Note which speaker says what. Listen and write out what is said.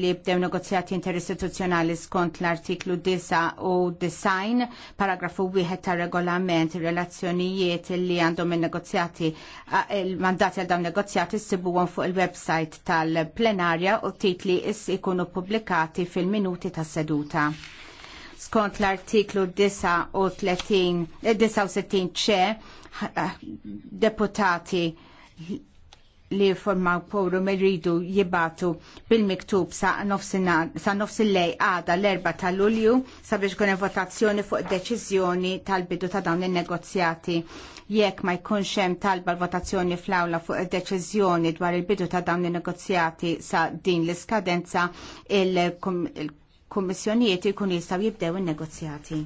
Speaker 1: li bdew negozjati interistituzzjonali skont l-artiklu 9 u design paragrafu 1 ta' regolament relazzjonijiet li għandhom il-negozjati il-mandati għal dawn negozjati s għon fuq il-website tal-plenarja u titli is ikunu publikati fil-minuti ta' seduta skont l-artiklu 39 ċe eh, deputati li formaw poru meridu jibatu bil-miktub sa' nofs lej għada l-erba ta' lulju sabiex kun votazzjoni fuq deċiżjoni tal-bidu ta' dawn il-negozjati. Jekk ma jkunx hemm talba l-votazzjoni fl-awla fuq deċiżjoni dwar il-bidu ta' dawn il-negozjati sa' din l-iskadenza il-kummissjonijiet jkun jistgħu jibdew in negozjati